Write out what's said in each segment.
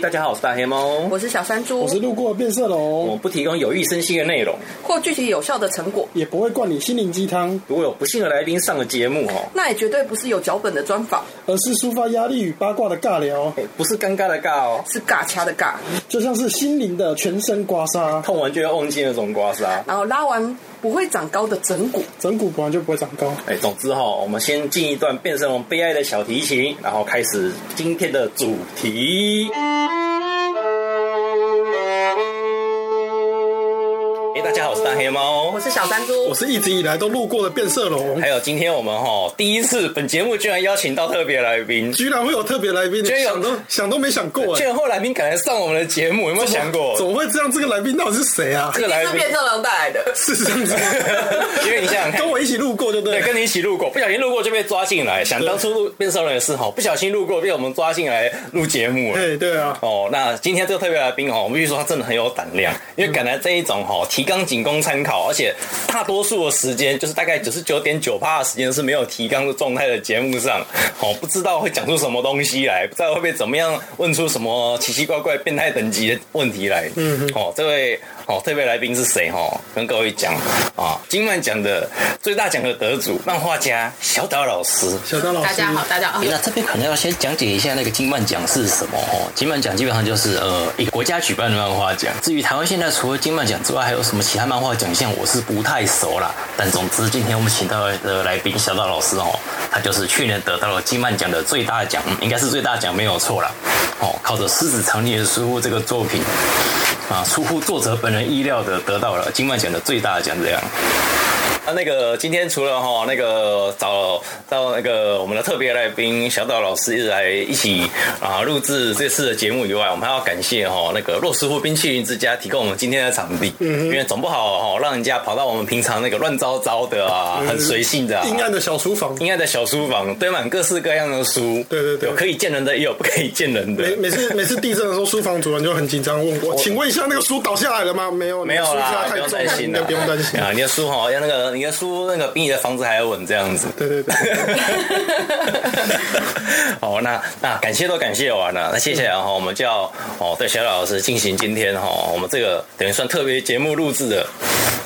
大家好，我是大黑貓，我是小山豬，我是路過的變色龍。我們不提供有益身心的內容，或具體有效的成果，也不會灌你心靈雞湯。如果有不幸的來賓上了節目，那也絕對不是有腳本的專訪，而是抒發壓力與八卦的尬聊，不是尷尬的尬喔，是尬掐的尬，就像是心靈的全身刮痧，痛完就要忘記那種刮痧，然後拉完。不會長高的整骨，整骨本來就不會長高。哎，總之哈、哦，我們先進一段《變色龍悲哀的小提琴》，然後開始今天的主題。黑貓，我是小山豬，我是一直以來都路過的變色龍。還有今天我們哈第一次，本節目居然邀請到特別來賓，居然會有特別來賓，居然想都想都，想都沒想過，居然有來賓趕來上我們的節目，有沒有想過怎？怎麼會這樣？這個來賓到底是誰啊？這個來賓是變色龍帶來的， 是這樣子。因為你想，想跟我一起路過就對了，對不對？跟你一起路過，不小心路過就被抓進來。想當初錄變色龍也是哈，不小心路過被我們抓進來錄節目了對。對啊。哦、喔，那今天這個特別來賓哈，我們必須說他真的很有膽量，因為趕來這一種哈，提綱僅供參考，而且大多數的時間就是大概九十九點九趴的時間是沒有提綱的狀態的節目上，哦，不知道會講出什麼東西來，不知道會不會怎麼樣問出什麼奇奇怪怪、變態等級的問題來。嗯哼，哦，這位。好，這位、哦、來賓是誰？哦，跟各位講啊，金漫獎的最大獎的得主，漫畫家小島老師。小島老師，大家好，大家好。欸、那這邊可能要先講解一下那個金漫獎是什麼？哦，金漫獎基本上就是呃一個國家舉辦的漫畫獎。至於台灣現在除了金漫獎之外，還有什麼其他漫畫獎項，我是不太熟啦，但總之，今天我們請到的來賓小島老師哦，他就是去年得到了金漫獎的最大獎、嗯，應該是最大獎沒有錯啦，哦，靠着獅子藏匿的書屋這個作品。啊！出乎作者本人意料的，得到了金漫獎的最大的獎這那那個今天除了哈那個找到那個我們的特別來賓小島老師一直來一起啊錄製這次的節目以外，我們還要感謝哈那個洛師傅冰淇淋之家提供我們今天的場地，嗯，因為總不好哈讓人家跑到我們平常那個亂糟糟的啊，很隨性的啊，陰暗的小書房，陰暗的小書房堆滿各式各樣的書，對對對，有可以見人的也有不可以見人的對對對對每。每每次每次地震的時候，書房主人就很緊張，問我，請問一下，那個書倒下來了嗎？沒有， 沒有啦，不用擔心，不用擔心，用心啊，你的書哈要那個。你的書那個比你的房子還要穩，這樣子。對對對。 好，那那感謝都感謝完了，那接下來哈，我們就要哦，對小島老師進行今天哈，我們這個等於算特別節目錄制的。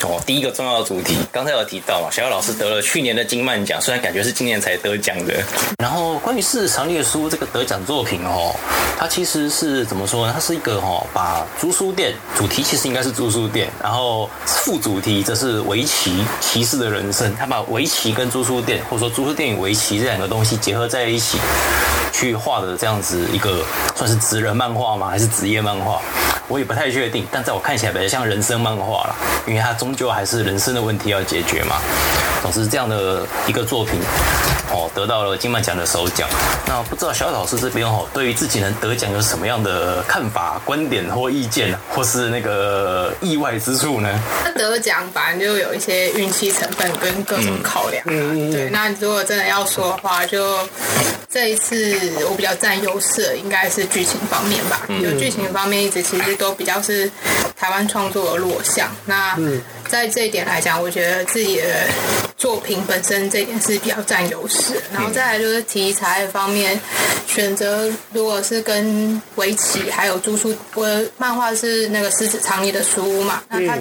哦，第一個重要的主題，剛才有提到嘛，小島老師得了去年的金漫獎，雖然感覺是今年才得獎的。然後關於《獅子藏匿的書屋》這個得獎作品哦，它其實是怎麼說呢？它是一個哦，把租書店主題，其實應該是租書店，然後副主題則是圍棋棋士的人生，他把圍棋跟租書店或者說租書店與圍棋這兩個東西結合在一起。去畫的這樣子一個算是職人漫畫嗎？還是職業漫畫？我也不太確定。但在我看起來，比較像人生漫畫了，因為它終究還是人生的問題要解決嘛。總之，這樣的一個作品。哦，得到了金漫獎的首獎。那不知道小島老師這邊哦，對於自己能得獎有什麼樣的看法、觀點或意見呢？或是那個意外之處呢？那得獎反正就有一些運氣成分跟各種考量啊。對，那如果真的要說的話，就這一次我比較佔優勢，應該是劇情方面吧。就劇情方面一直其實都比較是台灣創作的弱項。那在這一點來講，我覺得自己也。作品本身這一點是比較佔優勢，然後再來就是題材方面、嗯、選擇，如果是跟圍棋還有租書，我漫畫是那個獅子藏匿的書嘛，那它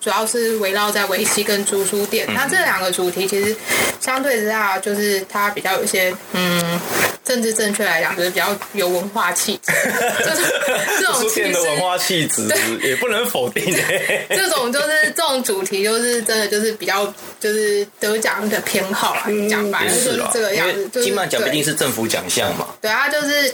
主要是圍繞在圍棋跟租書店，那、嗯、這兩個主題其實相對之下就是它比較有些嗯。政治正確來講，就是比較有文化氣質，就是這種古典的文化氣質，也不能否定。這種就是這種主題，就是真的就是比較就是得獎的偏好啦，講白了就是這個樣子。金漫獎畢竟是政府獎項嘛，對啊，就是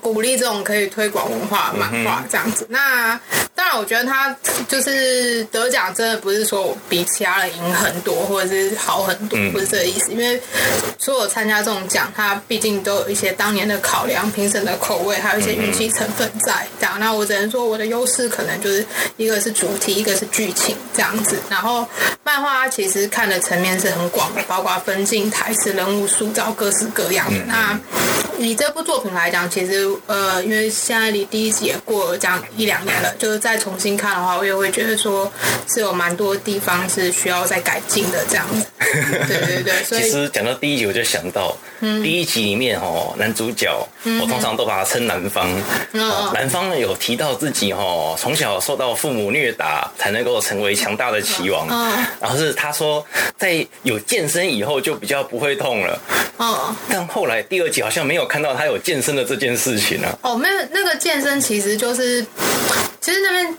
鼓勵這種可以推廣文化的漫畫這樣子。那。當然，我覺得他就是得獎，真的不是說我比其他人贏很多，或者是好很多，不是這個意思。因為所有參加這種獎，他畢竟都有一些當年的考量、評審的口味，還有一些運氣成分在。這樣，那我只能說，我的優勢可能就是一個是主題，一個是劇情這樣子。然後漫畫它其實看的層面是很廣的，包括分鏡、台詞、人物塑造，各式各樣的。那你這部作品來講，其實呃，因為現在離第一集也過了這樣一兩年了，就是在。再重新看的話，我也會覺得說是有蠻多的地方是需要再改進的這樣子。對對對，所以其實講到第一集，我就想到，嗯、第一集裡面哦，男主角、嗯、哼我通常都把他稱男方，嗯、哼男方有提到自己哦，從小受到父母虐打才能夠成為強大的棋王，嗯、然後是他說在有健身以後就比較不會痛了，哦、嗯，但後來第二集好像沒有看到他有健身的這件事情啊，哦，那那個健身其實就是。其實那邊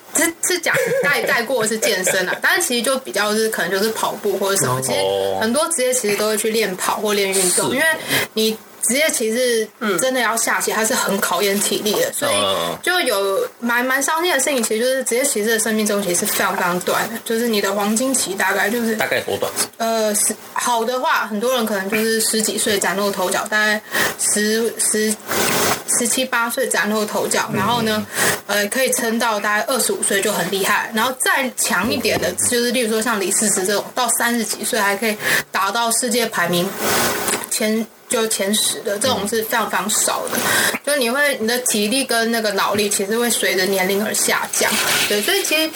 是是講帶帶過的是健身啊，但是其實就比較是可能就是跑步或者什麼，其實很多職業其實都會去練跑或練運動，的因為你職業騎士真的要下棋，還是很考驗體力的，嗯、所以就有蠻蠻傷心的事情，其實就是職業騎士的生命週期是非常非常短，的，就是你的黃金期大概就是。大概多短？呃，好的話，很多人可能就是十幾歲嶄露頭角，大概十十。十七八歲嶄露頭角，然後呢，嗯、呃，可以撐到大概二十五歲就很厲害。然後再強一點的，就是例如說像李世石這種，到三十幾歲還可以達到世界排名前就前十的，這種是非常非常少的。就你會你的體力跟那個腦力其實會隨着年齡而下降，對，所以其實。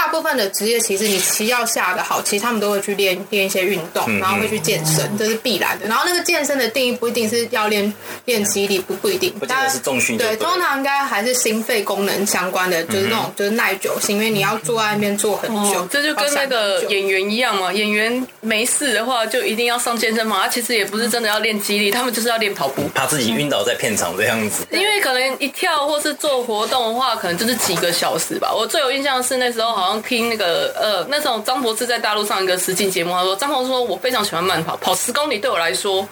大部分的職業其實你棋要下的好，其實他們都會去練練一些運動，然後會去健身，嗯嗯、這是必然的。然後那個健身的定義不一定是要練練肌力，不不一定，嗯、不一定是重訓，對，通常應該還是心肺功能相關的，就是那種、嗯、就是耐久性，嗯、因為你要坐在那邊坐很久，這就跟那個演員一樣嘛。演員沒事的話就一定要上健身房，他、啊、其實也不是真的要練肌力，他們就是要練跑步，怕自己暈倒在片場這樣子。嗯嗯、對因為可能一跳或是做活動的話，可能就是幾個小時吧。我最有印象的是那時候好像，然後聽那個呃，那時候張柏芝在大陸上一個實境節目，他說張柏芝說，我非常喜歡慢跑，跑十公里對我來說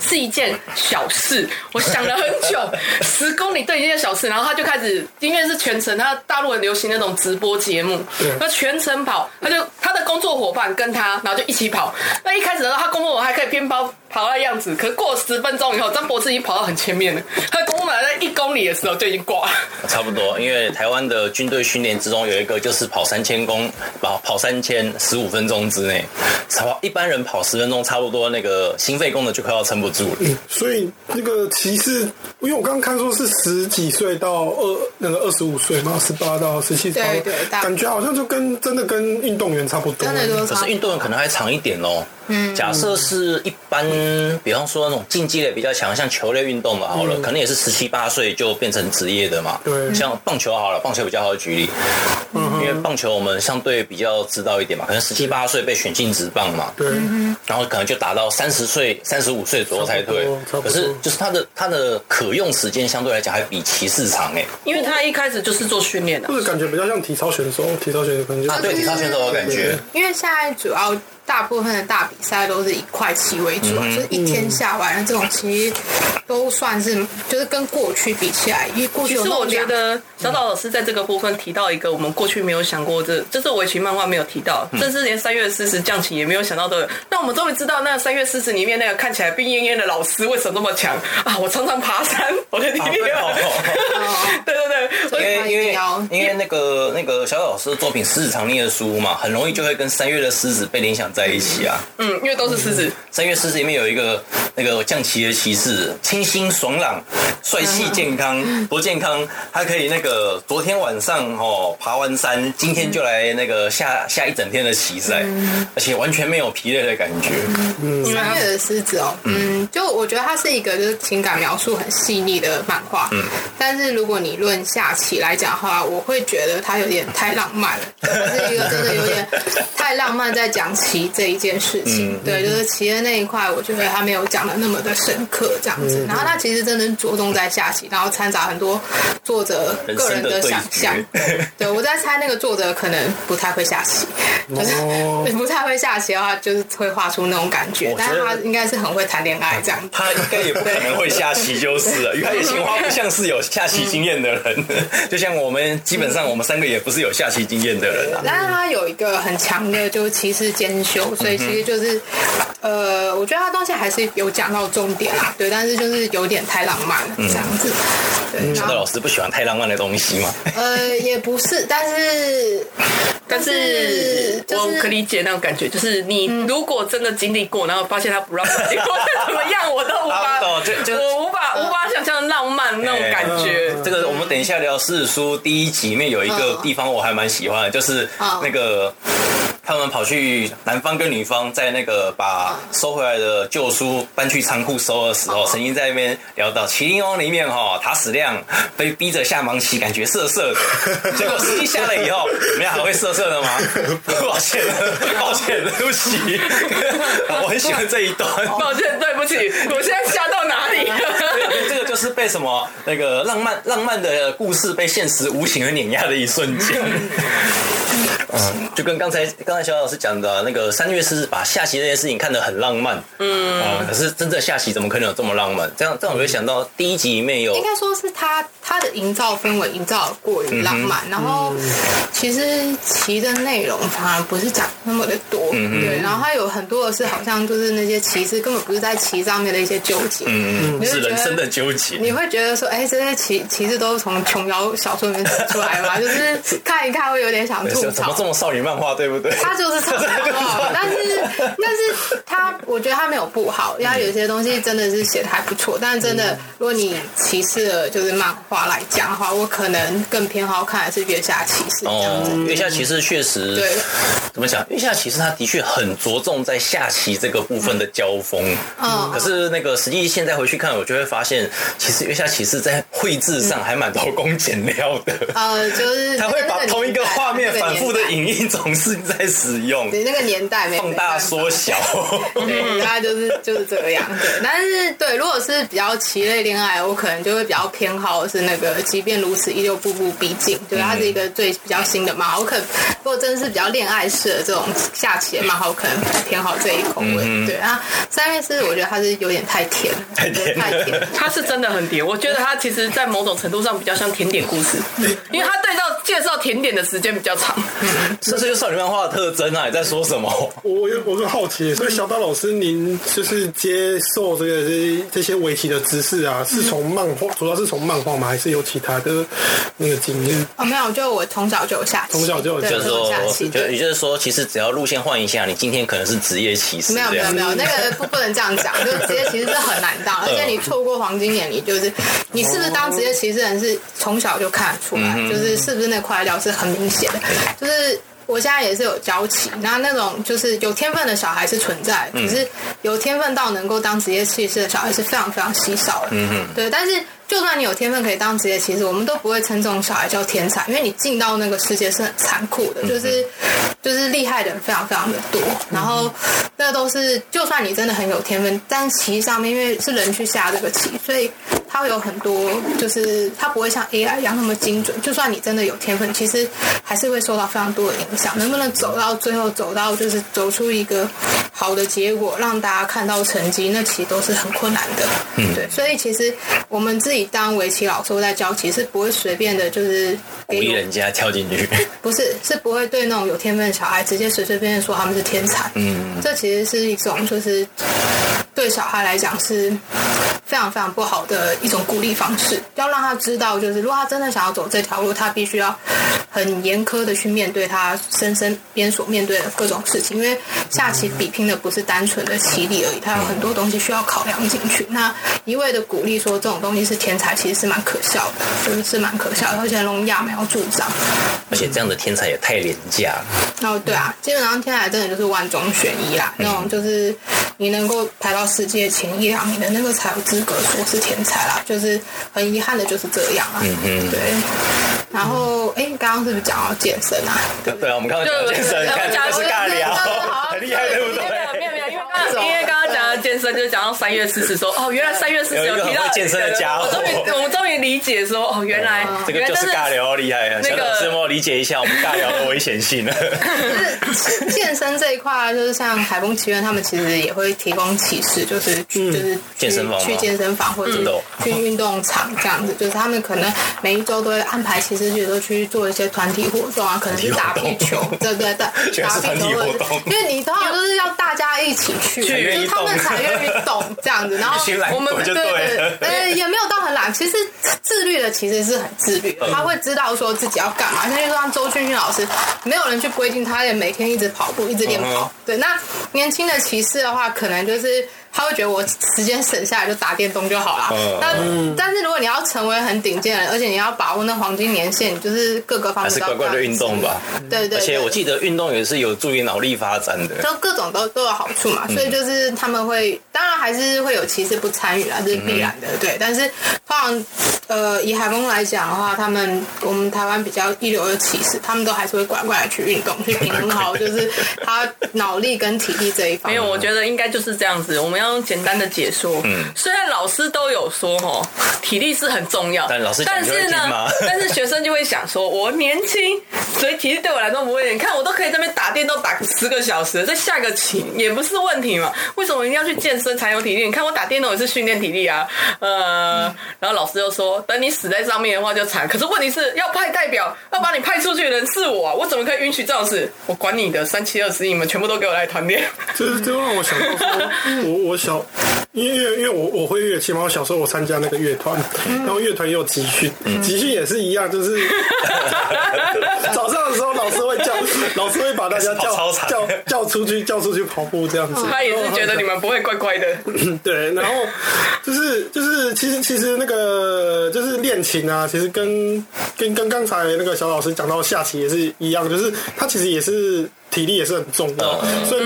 是一件小事。我想了很久， 十公里對一件小事。然後他就開始，因為是全程，他大陸很流行那種直播節目，他、嗯、全程跑，他就他的工作夥伴跟他，然後就一起跑。那一開始的時候，他工作我還可以邊包。跑那樣子，可是過了十分鐘以後，張博士已經跑到很前面了。他給我們在一公里的時候就已經掛了。差不多，因為台灣的軍隊訓練之中有一個就是跑三千公，跑跑三千十五分鐘之內，一般人跑十分鐘差不多那個心肺功能就快要撐不住了、嗯。所以那個其實因為我剛剛看說是十幾歲到二那個二十五歲嘛，十八到十七歲，對，對對，感覺好像就跟真的跟運動員差不多，真的不多，可是運動員可能還長一點哦、喔。嗯，假設是一般，比方說那種競技類比較強，像球類運動嘛好了，可能也是十七八歲就變成職業的嘛。對，像棒球好了，棒球比較好舉例，因為棒球我們相對比較知道一點嘛，可能十七八歲被選進職棒嘛。對，然後可能就達到三十歲、三十五歲左右才對。可是就是他的他的可用時間相對來講還比棋士長哎，因為他一開始就是做訓練的，就是感覺比較像體操選手，體操選手啊，對體操選手的感覺，因為現在主要。大部分的大比賽都是以快棋為主，就是一天下完了這種棋，都算是就是跟過去比起來，因為過去。其實我覺得小島老師在這個部分提到一個我們過去沒有想過，這就是圍棋漫畫沒有提到，甚至連三月獅子將棋也沒有想到的。那我們終於知道，那三月獅子裡面那個看起來病懨懨的老師為什麼那麼強啊！我常常爬山，我在好面。對對對，因為因為因為那個那個小島老師的作品《獅子藏匿的書》嘛，很容易就會跟三月的獅子被聯想。在一起啊，嗯，因為都是獅子，嗯，三月獅子裡面有一個那個將棋的棋士，清新爽朗，帥氣健康，多健康，他可以那個昨天晚上哦爬完山，今天就來那個下、嗯、下一整天的棋賽，嗯、而且完全沒有疲累的感覺。嗯。三月的獅子哦，嗯，就我覺得它是一個就是情感描述很細膩的漫畫，嗯，但是如果你論下棋來講的話，我會覺得它有點太浪漫了， 對，是一個真的有點太浪漫在講棋。這一件事情，對，就是企業那一塊，我覺得他沒有講的那麼的深刻，這樣子。然後他其實真的着重在下棋，然後摻雜很多作者個人的想象。對，我在猜那個作者可能不太會下棋，就是不太會下棋的話，就是會畫出那種感覺。但是他應該是很會談戀愛，這樣。他應該也不可能會下棋，就是，因為情況不像是有下棋經驗的人，就像我們基本上我們三個也不是有下棋經驗的人啊。但是他有一個很強的，就是棋士兼。所以其實就是，呃，我覺得他東西還是有講到重點啦，對，但是就是有點太浪漫了這樣子。對，小島老師不喜歡太浪漫的東西嗎？呃，也不是，但是，但是，我可理解那種感覺，就是你如果真的經歷過，然後發現他不讓你己過怎麼樣，我都無法，我無法無法想象浪漫那種感覺。這個我們等一下聊《獅書》第一集裡面有一個地方我還蠻喜歡的，就是那個。他們跑去男方跟女方在那個把收回來的舊書搬去倉庫收的時候，曾經在那邊聊到《棋靈王》裡面哈、哦，塔矢亮被逼着下盲棋，感覺色色的。結果實際下了以後，你們倆還會色色的嗎？抱歉，抱歉，對不起。我很喜歡這一段。抱歉，對不起，我現在下到哪裡了？啊、這個。是被什麼那個浪漫浪漫的故事被現實無情的碾壓的一瞬間，嗯，嗯，嗯， 嗯，就跟剛才剛才小老師講的，啊、那個三月是把下棋這件事情看得很浪漫，嗯，嗯，可是真的下棋怎麼可能有這麼浪漫？這樣這樣我就想到第一集裡面有，應該說是他他的營造氛圍營造的過於浪漫，嗯嗯，然後其實棋的內容反而不是講那麼的多，嗯、哼對，對。然後他有很多的是好像就是那些棋士根本不是在棋上面的一些糾結，嗯嗯，是人生的糾結。你會覺得說，哎、欸，這些棋、棋士都是從瓊瑤小說裡面寫出來的嗎？ 就是看一看，會有點想吐槽。怎麼這種少女漫畫，對不對？他就是少女漫畫， 但是，但是他我覺得他沒有不好，因為有些東西真的是寫的還不錯。但真的，如果你棋士了就是漫畫來講的話，我可能更偏好看的是月、哦《月下棋士》哦對，《月下棋士》確實，對，怎麼講，《月下棋士》它的確很着重在下棋這個部分的交鋒、嗯、可是那個實際現在回去看，我就會發現。其實月下棋士在繪製上還蠻偷工減料的，呃、嗯，就是他會把同一個畫面反復的影印，總是在使用、嗯，對、就是、那個年代，放大縮小、嗯，對，大概就是就是這樣。對，但是對，如果是比較棋類戀愛，我可能就會比較偏好是那個，即便如此依舊步步逼近，對，它是一個最比較新的嘛，我可如果真的是比較戀愛式的這種下棋嘛，我可能偏好這一口味。嗯、對啊，三月獅，我覺得它是有點太甜，太甜，太甜，它是真的。很甜，我覺得它其實，在某種程度上比較像甜點故事，因為它對照介紹甜點的時間比較長，是這就是這個少女漫畫的特徵啊！你在說什麼？我我很好奇。所以，小島老師，您就是接受這個這這些圍棋的知識啊，是從漫畫，主要是從漫畫嗎？還是有其他的那個經驗啊？沒有，就我從小就有下棋，從小就有，下棋。對就也說就,就是說，其實只要路線換一下，你今天可能是職業棋士，沒有沒有沒有，沒有沒有 那個不不能這樣講，就職業棋士是很難當，對而且你錯過黃金年齡。就是你是不是當職業棋士人是從小就看得出來，就是是不是那塊料是很明顯的。就是我現在也是有交集，那那種就是有天分的小孩是存在，可是有天分到能夠當職業棋士的小孩是非常非常稀少的。嗯對，但是。就算你有天分可以當職業棋士，我們都不會稱這種小孩叫天才，因為你進到那個世界是很殘酷的，就是就是厲害的人非常非常的多，然後那都是就算你真的很有天分，但棋上面因為是人去下這個棋，所以他會有很多，就是他不會像 AI 一樣那麼精準。就算你真的有天分，其實還是會受到非常多的影響。能不能走到最後，走到就是走出一個好的結果讓大家看到成績，那其實都是很困難的。嗯，對，所以其實我們自己當圍棋老師在教，其實不會隨便的，就是逼人家跳進去。 不是，是不會對那種有天分的小孩直接隨隨便便說他們是天才。嗯，這其實是一種，就是對小孩來講是非常非常不好的一種鼓勵方式，要讓他知道，就是如果他真的想要走這條路，他必須要很嚴苛的去面對他身身邊所面對的各種事情。因為下棋比拼的不是單純的棋力而已，他有很多東西需要考量進去。那一味的鼓勵說這種東西是天才，其實是蠻可笑的，就是是蠻可笑的，而且揠苗助長。而且這樣的天才也太廉價。哦，對啊，基本上天才真的就是萬中選一啦，啊，那種就是。你能夠排到世界前一兩名的那個才有資格說是天才啦，就是很遺憾的就是這樣啦。嗯、哼對，然後哎，你剛剛是不是講到健身啊？對對，對，我們剛剛講健身，剛剛講的是尬聊。健身就講到三月四十，說哦，原來三月四十有提到有健身的家伙。我,對我們終於理解說哦，原來這個、哦、就是尬聊厲害。啊、就是。小那個，讓我理解一下我們尬聊的危險性。就是健身這一塊，就是像海風奇緣，他們其實也會提供啟示，就是去、嗯、就是去健,身去健身房、去健身房或者去運動場這樣子。就是他們可能每一周都會安排，其實有都去做一些團體活動啊，可能是打壁球，對對對,對，打壁球或者是。因為你通常就是要大家一起去，去就是他們才。很願意懂這樣子，然後我們我就對，呃、欸，也沒有到很懶。其實自律的其實是很自律，他會知道說自己要幹嘛。像、嗯、就像周俊勳老師，沒有人去規定，他也每天一直跑步，一直練跑。嗯、哼對，那年輕的棋士的話，可能就是。他會覺得我時間省下來就打電動就好了。但但是如果你要成為很頂尖的人，而且你要把握那黃金年限，就是各個方面都要運動吧。對對，對。而且我記得運動也是有助於腦力發展的。就各種都都有好處嘛，所以就是他們會，當然還是會有棋士不參與啦，這是必然的。對。但是，放，呃，以海峰來講的話，他們我們台灣比較一流的棋士，他們都還是會乖乖的去運動，去平衡好就是他腦力跟體力這一方面。 沒有，我覺得應該就是這樣子。我們要。簡單的解說，嗯、雖然老師都有說吼，體力是很重要，但老師就嗎，但是呢， 但是學生就會想說，我年輕。所以體力對我來說不會，你看我都可以在那邊打電動打十個小時，再下個棋也不是問題嘛。為什麼一定要去健身才有體力？你看我打電動也是訓練體力啊。呃，然後老師又說，等你死在上面的話就慘。可是問題是要派代表要把你派出去的人是我，我怎麼可以允許這樣的事？我管你的三七二十一，你們全部都給我來團練。就是就讓我想到說， 我我小，因為因為我我會樂器嘛，起我小時候我參加那個樂團，嗯、然後樂團也有集訓，嗯、集訓也是一樣，就是。 早上。時候老師會叫，老師會把大家叫叫叫出去叫出去跑步這樣子。他也是覺得你們不會乖乖的。 對，然後就是就是其實其實那個就是練琴啊，其實跟跟跟剛才那個小老師講到下棋也是一樣，就是他其實也是體力也是很重要的，嗯、所以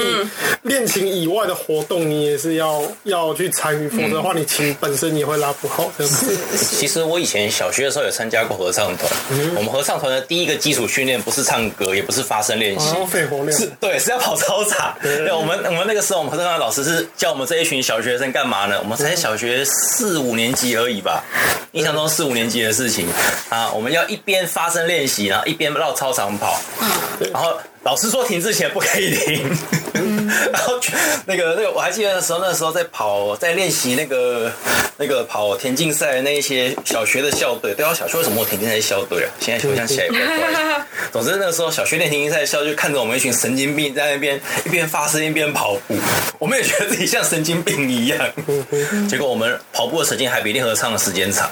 你練琴以外的活動你也是要要去參與，嗯、否則的話你琴本身也會拉不好，這樣子。其實我以前小學的時候有參加過合唱團，嗯、哼我們合唱團的第一個基礎訓練不是。不是唱歌也不是發聲練習，啊、肺活量是對，是要跑操場。對,對,對,對，我們我們那個時候，我們合唱團老師是叫我們這一群小學生幹嘛呢？我們才小學四五年級而已吧，對對對印象中四五年級的事情對對對啊，我們要一邊發聲練習，然後一邊繞操場跑。對對對然後。老師說停之前不可以停，嗯， 然後那個那個我還記得那時候那個時候在跑在練習那個那個跑田徑賽的那一些小學的校隊，對啊，小學為什麼有田徑賽校隊啊？現在回想起來也，總之那個時候小學練田徑賽校隊，看着我們一群神經病在那邊一邊發聲音一邊跑步，我們也覺得自己像神經病一樣。結果我們跑步的時間還比練合唱的時間長。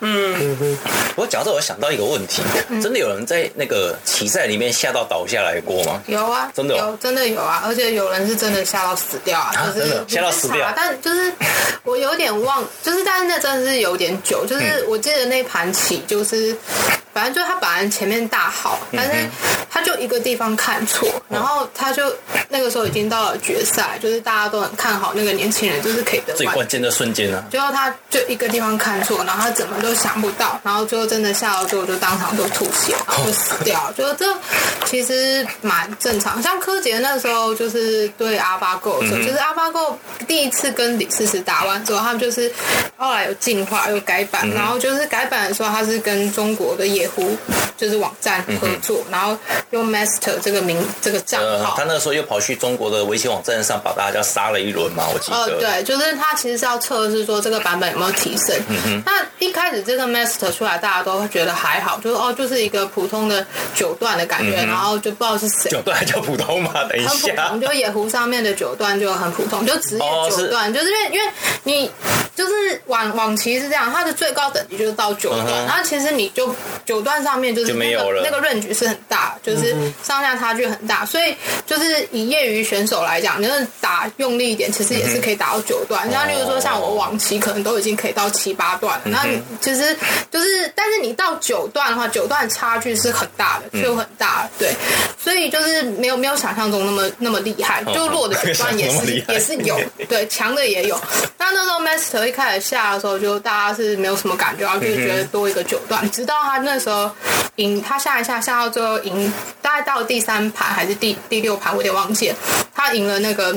嗯哼，不過講到這我想到一個問題，嗯，真的有人在那個棋賽裡面嚇到倒下來？有啊，真的、啊、有，真的有啊，而且有人是真的嚇到死掉啊。啊就是，是但就是我有點忘， 就是但是那真的是有點久，就是我記得那盤棋就是。嗯反正就是他本來前面大好，反正他就一個地方看錯，嗯、哼然後他就那個時候已經到了決賽，哇就是大家都很看好那個年輕人，就是可以得最關鍵的瞬間啊！最後他就一個地方看錯，然後他怎麼都想不到，然後最後真的下到最後就當場都吐血，然後就死掉、哦、就覺得這其實蠻正常，像柯潔那時候就是對阿巴夠的時候，嗯、就是阿巴夠第一次跟李世石打完之後，他們就是後來有進化有改版，嗯、然後就是改版的時候他是跟中國的演。就是網站合作，嗯、哼然後用 master 這個名、嗯、這個賬號、呃，他那時候又跑去中國的圍棋網站上把大家殺了一輪嘛，我記得、哦。對，就是他其實是要測試說這個版本有沒有提升。嗯、哼那一開始這個 master 出來，大家都會覺得還好，就是哦，就是一個普通的九段的感覺，嗯、然後就不知道是誰。九段還叫普通嘛？等一下。很普通，就野狐上面的九段就很普通，就只有九段，哦、是就是因為因為你。就是往往期是這樣，它的最高等級就是到九段，uh huh. 然後其實你就九段上面就是那個沒有了那個 range 是很大。就是上下差距很大，所以就是以業餘選手來講，就是打用力一點，其實也是可以打到九段。嗯、像例如說，像我往期，可能都已經可以到七八段了，嗯、那你其實就是，但是你到九段的話，九段差距是很大的，就很大。嗯、對，所以就是沒有沒有想象中那麼那麼厲害，嗯、就弱的九段也是也是有，對，強的也有。 那那時候 Master 一開始下的時候，就大家是沒有什麼感覺，然後就覺得多一個九段，嗯、直到他那時候贏，他下一下下到最後贏。嗯大概到第三盤還是第第六盤，我有點忘記了。他贏了那個。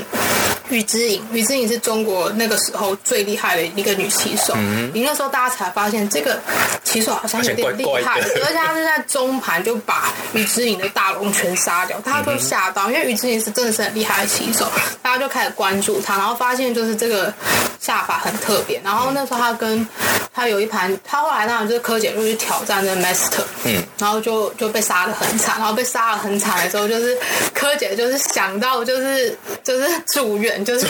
於之瑩於之瑩是中國那個時候最厲害的一個女棋手。嗯哼。贏的時候大家才發現這個棋手好像有點厲害，而且，乖乖，而且他是在中盤就把於之瑩的大龍全殺掉，大家都嚇到，嗯、哼因為於之瑩是真的是很厲害的棋手，大家就開始關注他，然後發現就是這個下法很特別。然後那時候他跟他有一盤，他後來當然就是柯潔就去挑戰那個 master，嗯。然後就就被殺的很慘，然後被殺的很慘的時候，就是柯潔就是想到就是就是住院。就是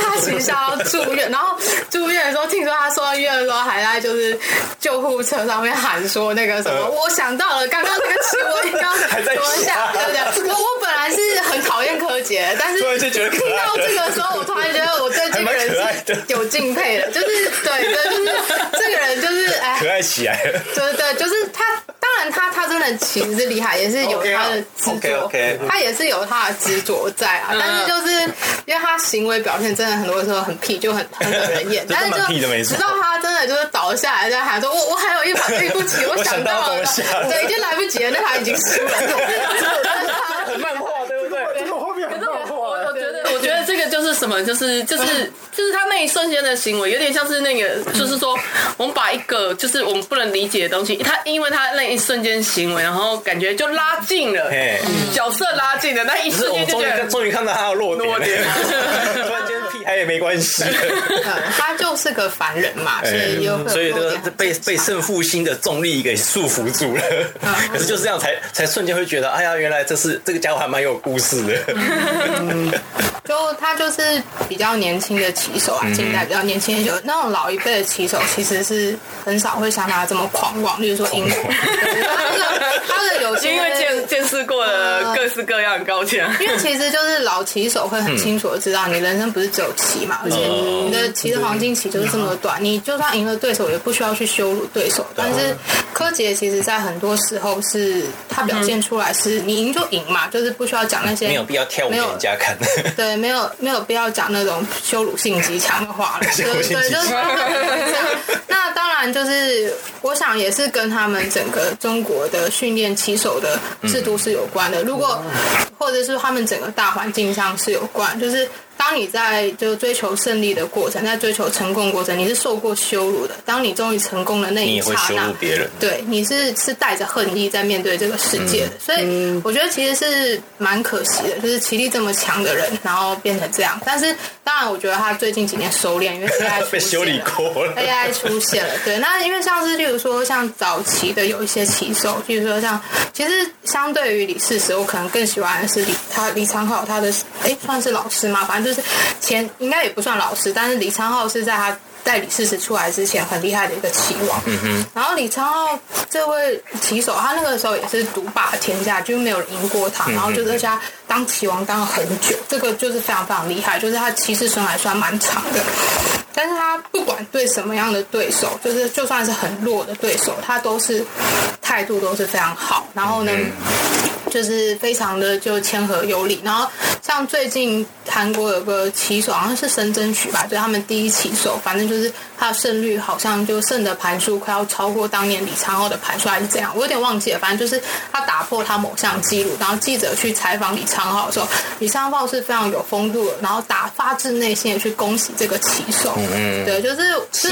他取消住院， 然後住院的時候，聽說他送到醫院的時候還在就是救護車上面喊說那個什麼，呃、我想到了剛剛那個新聞，剛剛還在下，啊，對不對，對？我 我本來是很討厭柯潔，但是聽到這個的時候，我突然覺得我對這個人是有敬佩的，的就是對對，就是這個人就是哎，可愛起來了，對，對對，就是他。當然他，他他真的其實是厲害，也是有他的執着，OK 啊、他也是有他的執着 OK, OK, 在啊。呃、但是就是因為他。行為表現真的很多時候很屁，就很很很演，但是就直到他真的就是倒下來在喊說：“我我還有一把，對不起，我想到了，對，已經來不及了，那把已經輸了。”很漫畫，對不對？可是我我覺得，我覺得這個就是什麼，就是就是。就是他那一瞬間的行為，有點像是那個，就是說，我們把一個就是我們不能理解的東西，他因為他那一瞬間行為，然後感覺就拉近了，Hey. 角色拉近了，那一瞬間就覺得終於看到他要落，落點，間、啊。 哎，沒關係、 嗯。他就是個凡人嘛，所以又、哎、所以這個被被勝負心的重力給束縛住了， 可是就是這樣才才瞬間會覺得，哎呀，原來這是這個家伙還蠻有故事的、 嗯。就他就是比較年輕的棋手啊，近代、嗯、比較年輕的，就那種老一輩的棋手其實是很少會像他這麼狂妄，例如慌說英國，他的有些慌因為見見識過了、嗯、各式各樣高牆，因為其實就是老棋手會很清楚的知道，你人生不是只有。棋嘛，而且你的棋士黃金期就是這麼短。你就算贏了對手，也不需要去羞辱對手。對，但是柯潔其實，在很多時候是他表現出來是，你贏就贏嘛，嗯、就是不需要講那些沒有必要跳舞給人家看。對，沒有沒有必要講那種羞辱性極強的話了。 對，對，對，就是 那當然就是，我想也是跟他們整個中國的訓練棋手的制度是有關的，如果或者是他們整個大環境上是有關，就是。當你在就追求勝利的過程，在追求成功過程，你是受過羞辱的。當你終於成功的那一剎那，你也會羞辱別人。對，你是是帶着恨意在面對這個世界的。嗯、所以、嗯、我覺得其實是蠻可惜的，就是棋力這麼強的人，然後變成這樣。但是。當然，我覺得他最近幾年收斂，因為 AI 出現了。被修理過了。AI 出現了，對。那因為像是，例如說，像早期的有一些棋手，比如說像，其實相對於李世石，我可能更喜歡的是李他李昌鎬他的，哎，算是老師嗎，反正就是前應該也不算老師，但是李昌鎬是在他。在李世石出來之前，很厲害的一個棋王。嗯哼。然後李昌鎬這位棋手，他那個時候也是獨霸天下，就沒有贏過他。嗯、哼然後就在家當棋王當了很久，這個就是非常非常厲害，就是他棋士生涯算蠻長的。但是他不管對什麼樣的對手，就是就算是很弱的對手，他都是態度都是非常好。然後呢，嗯就是非常的就謙和有禮，然後像最近韓國有個棋手，好像是申真諝吧，就是他們第一棋手，反正就是他的勝率好像就勝的盤數快要超過當年李昌鎬的盤數，還是怎樣，我有點忘記了。反正就是他打破他某項記錄，然後記者去採訪李昌鎬的時候，李昌鎬是非常有風度的，然後打發自內心的去恭喜這個棋手。嗯對，就是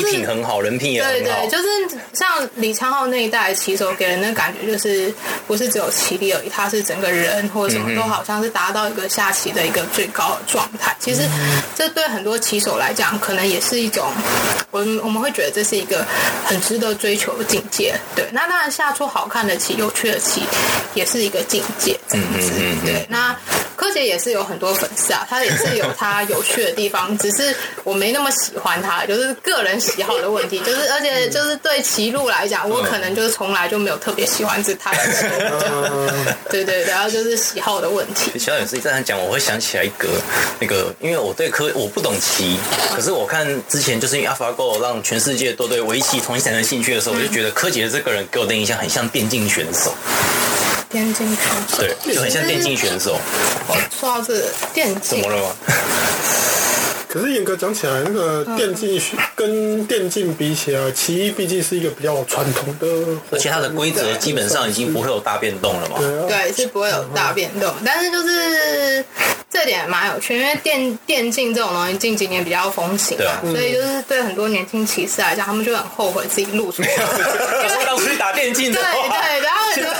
人品很好，人品也很好。對對，就是像李昌鎬那一代的棋手給人的感覺就是不是只有棋力而已，他。是整個人或者什麼都好像是達到一個下棋的一個最高的狀態。其實這對很多棋手來講，可能也是一種我們我們會覺得這是一個很值得追求的境界。對，那那下出好看的棋、有趣的棋，也是一個境界。嗯嗯嗯，對。那。柯潔也是有很多粉絲啊，他也是有他有趣的地方， 只是我沒那麼喜歡他，就是個人喜好的問題。就是而且就是對棋路來講，嗯、我可能就是從來就沒有特別喜歡他的喜的這他。 對對對，然後就是喜好的問題。小島老師是這樣講，我會想起來一個那個，因為我對柯我不懂棋，可是我看之前就是因為 AlphaGo 讓全世界都對圍棋重新產生興趣的時候，嗯、我就覺得柯潔這個人給我的印象很像電競選手。電競對，就很像電競選手。說到是電競、嗯，怎麼了嘛？ 可是嚴格講起來，那、呃、個電競跟電競比起來，棋藝畢竟是一個比較傳統的，而且它的規則基本上已經不會有大變動了嘛。對，是不會有大變動，嗯、但是就是這點蠻有趣，因為電電競這種東西近幾年比較風行嘛、啊，啊、所以就是對很多年輕棋士來講，他們就很後悔自己入出來因為當時打電競， 對對，然後。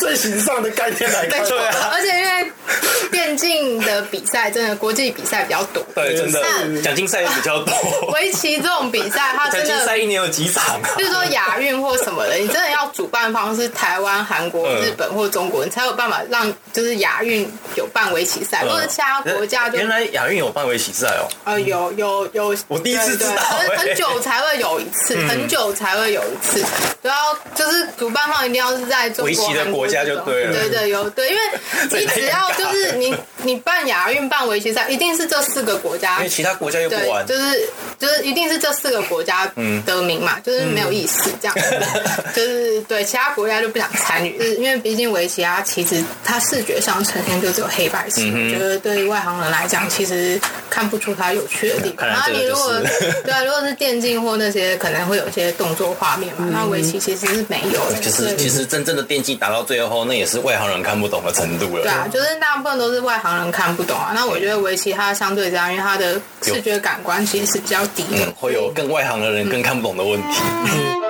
最形上的概念來看，而且因為電競的比賽真的國際比賽比較多，對，真的獎金賽也比較多。圍棋這種比賽，它真的獎金賽一年有幾場啊？就是說亞運或什麼的，你真的要主辦方是台灣、韓國、日本或中國，你才有辦法讓就是亞運有辦圍棋賽。或者其他國家，原來亞運有辦圍棋賽哦？呃，有有有，我第一次知道，很久才會有一次，很久才會有一次，主要就是主辦方一定要是在中國、韓國。的。國家就對了，對對有對，因為你只要就是你你辦亞運辦圍棋賽，一定是這四個國家，因為其他國家又不玩，就是。就是一定是這四個國家得名嘛，嗯、就是沒有意思這樣子，嗯、就是對其他國家就不想參與，因為畢竟圍棋它其實它視覺上呈現就只有黑白棋，我覺得對外行人來講其實看不出它有趣的點。然後你如果對啊，如果是電競或那些可能會有一些動作畫面嘛，那圍棋其，其實是沒有的。啊、就是其實真正的電競打到最後，那也是外行人看不懂的程度了。對啊，就是大部分都是外行人看不懂啊。那我覺得圍棋它相對這樣，因為它的視覺感官其實是比較。嗯，會有更外行的人更看不懂的問題。